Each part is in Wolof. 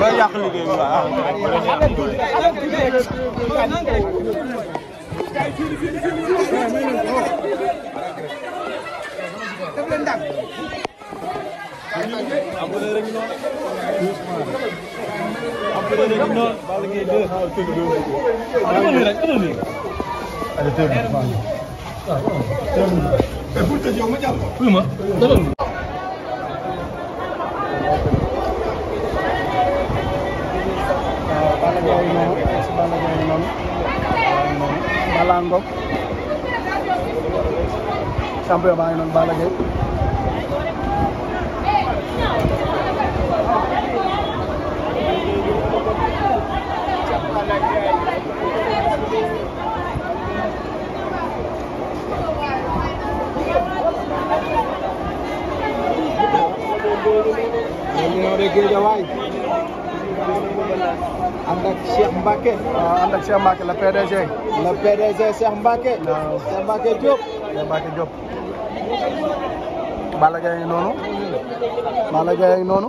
ba yàq liggéey bi waaw. Allez, t'es bon. Ah, bon. T'es bon. Et vous, t'es dit, on me dit. Oui, moi. Balla Gaye noonu si baa ngi noonu Balla ànd ak Cheikh Mbacke. waaw ah, ànd ak Cheikh Mbacke le PDG. le PDG Cheikh Mbacke. waaw ah. Cheikh Mbacke Diop. Cheikh Mbacke Diop. ngi noonu. Balla Gaye ngi noonu.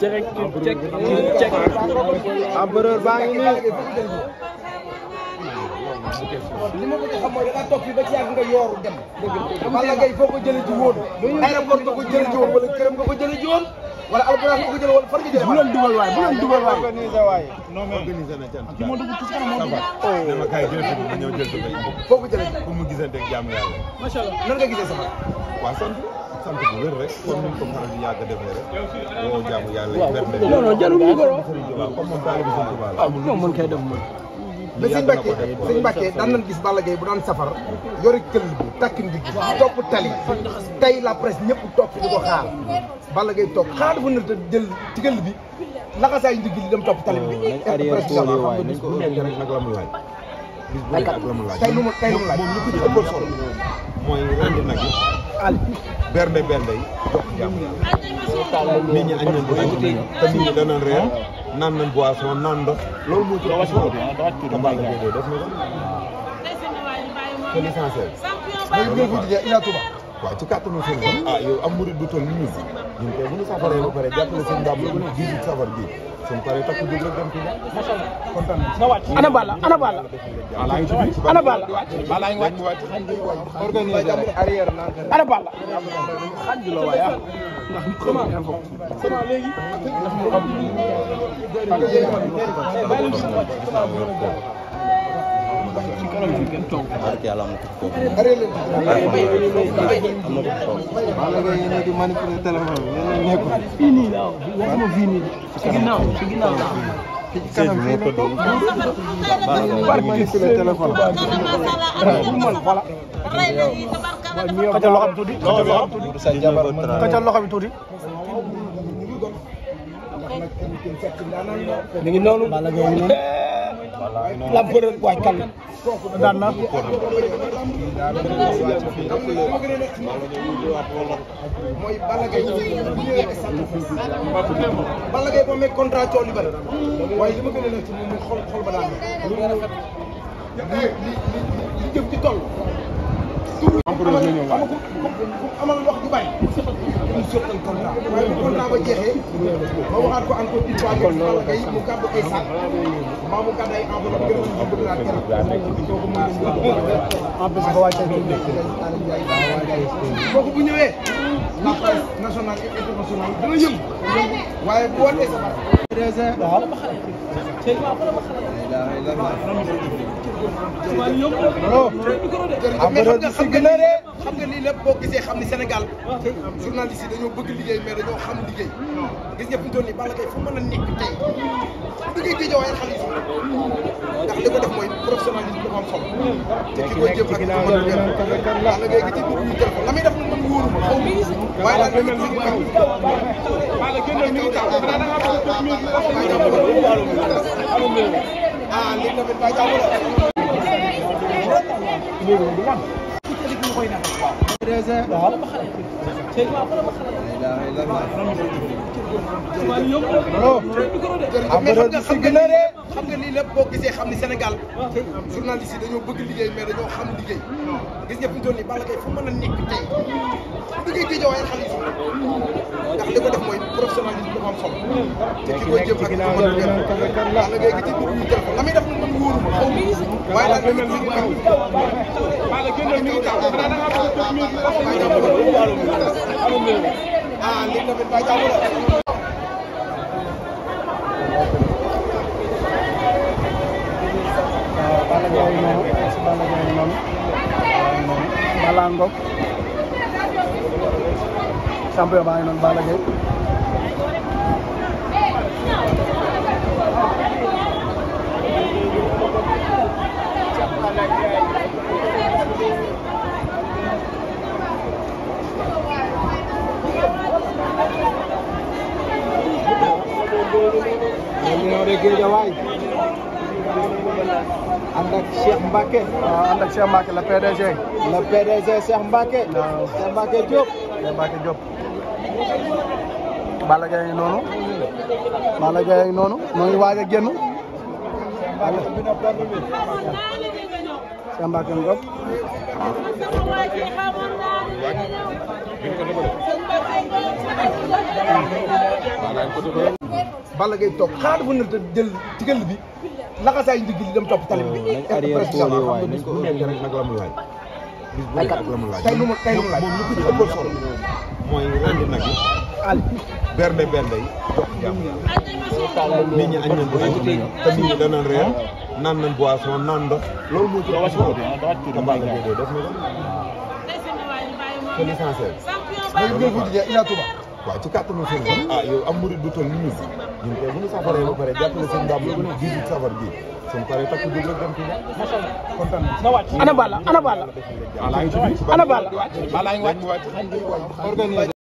direct tu check tu check empereur baa ngi nii li ma ko ci xam mooy da ngaa toog fii ba ci yàgg nga yooru dem. Balla Gaye foo ko jëlee ji woon. aéroport nga ko jëlee ji woon wala këram nga ko jëlee ji woon. wala albuquerque nga ko jëlee woon far nga jëlee. bu leen dugal waay bu leen dugal waay. organisé waay. non mais organisé na jant. ak ma dugg ci sama moom. dama kaay jël fi ma ñëw jël fi ma ñëw. foo ko jëlee ji. pour mu gisante ak jàmm yàlla. macha allah nan nga gisee sama. waa sant. sant bu wér rek comme ni ñu ko faral di yàgg a defee rek woo jaamu yàlla yi. waaw non non jarul ñu ko waaw comme moom daal di sant bu baax la. waaw non mën kay def moom. mais sëñ Mbacke sëñ Mbacke daan nañ gis Balla Gaye bu daan safar yori këll bu takk ndig topp tali tey la presse ñëpp topp di ko xaar Balla Gaye toog xaar dafa na jël ci këll bi laxasaay ndig li dem topp tali bi oh, presse xam nga bis bu nekk rek nag la mu laaj bis bu nekk ak la mu laaj tey lu mu tey lu mu laaj moom li ko ci ëppal solo mooy rendi nag yi xaalis bernde bernde yi jox jàmm nit ñi añ nañ te nit ñi danañ reer naan nañ boisson naan ndox loolu moo ci ëpp Balla Gaye def na ko l'essentiel waaw ci kàttanu sunu ah yow am murid du toll ni ñun ñun tey bu ñu safaree ba pare jàppale seen ndam lu ñu jiitu safar gi suñ paree takku jóg rek dem Touba kontaan ana Balla ana Balla ana Balla Balla ngi wàcc organisé rek arrière ana Balla xandu la waay ndax comment comment léegi barke yàlla amatul kooku moom. barke yàlla amatul ci kanam fii la toog téléphone loxo bi tuuti kaca la bëre waay kàll daan na mooy Balla Gaye Balla Gaye moom meeg contrat coow li bëri waaye li ma gën a nekk ci moom xol xol ba daan na li li li jëm ci empereur la ñëw waaye. amal wax ju bari. ñu soxal contrat. waaye contrat ba jeexee. ma waxaat ko encore une fois mu gàddu ay sac. mbaa mu gàddu ay enveloppe gën a bëgg laa teral. kooku mooy li ñu en plus ba wàccee kooku bu ñëwee. la presse nationale et internationale dana yëngu. ويقول اسمه رزا xam nga xam nga xam nga lii lépp boo gisee xam ni Sénégal journaliste yi dañoo bëgg liggéey mais dañoo xam liggéey gis nga fi mu toll nii Balla Gaye fu mën a nekk tey bu duggee géej waaye xale yi ndax li ko def mooy professionnalisme dafa am solo te ki koy jëm ak lu mën lu gën Balla Gaye gi ci biir ñu jël ko la muy def nag man wóorul xaw ma waaye daal dañu ko am na lii lépp boo gisee xam ni Sénégal journaliste yi dañoo bëgg liggéey mais dañoo xam liggéey gis nga fi mu toll nii a nekk tey bu duggee géej waaye xam ni ndax li ko def mooy professionnalisme dafa am solo te ki koy jëm ak a gën Balla Gaye gi ci dugg ñu la muy def nag man wóoru xaw ma waaye daal dama bëgg xam Balla génnal Balla Gaye noonu si Balla Gaye noonu noonu Balla Ngok champion baa ngi noonu Balla Gaye Terminado de que ya vaya. ànd ak Cheikh Mbacke. waaw ah, ànd ak Cheikh Mbacke le PDG. le PDG Cheikh Mbacke. waaw Cheikh noonu. noonu. moo ngi waaj a génn. Balla Cheikh Mbacke Ngop. Balla Gaye toog xaar bu ne te bi. naka saa yi ndigg li dem topp tali bi. Oh, nañ arrière tool yi waay ko nekk rek nag la mu laaj. bis bu nekk ak la mu laaj tey lu ma tey lu ma laaj moom li ko ci nag yi. al bernde bernde na ko. c'est l'essentiel. mais li ngeen ko jugee Ila Touba. waaw ci kàttanu sëñ bi ah yow am murid du ba pare jàppale seen gàmmu bu ñu safar bi suñ paree takk jóg rek dem Tuuba kontaan ana Balla ana Balla ah, ana Balla ana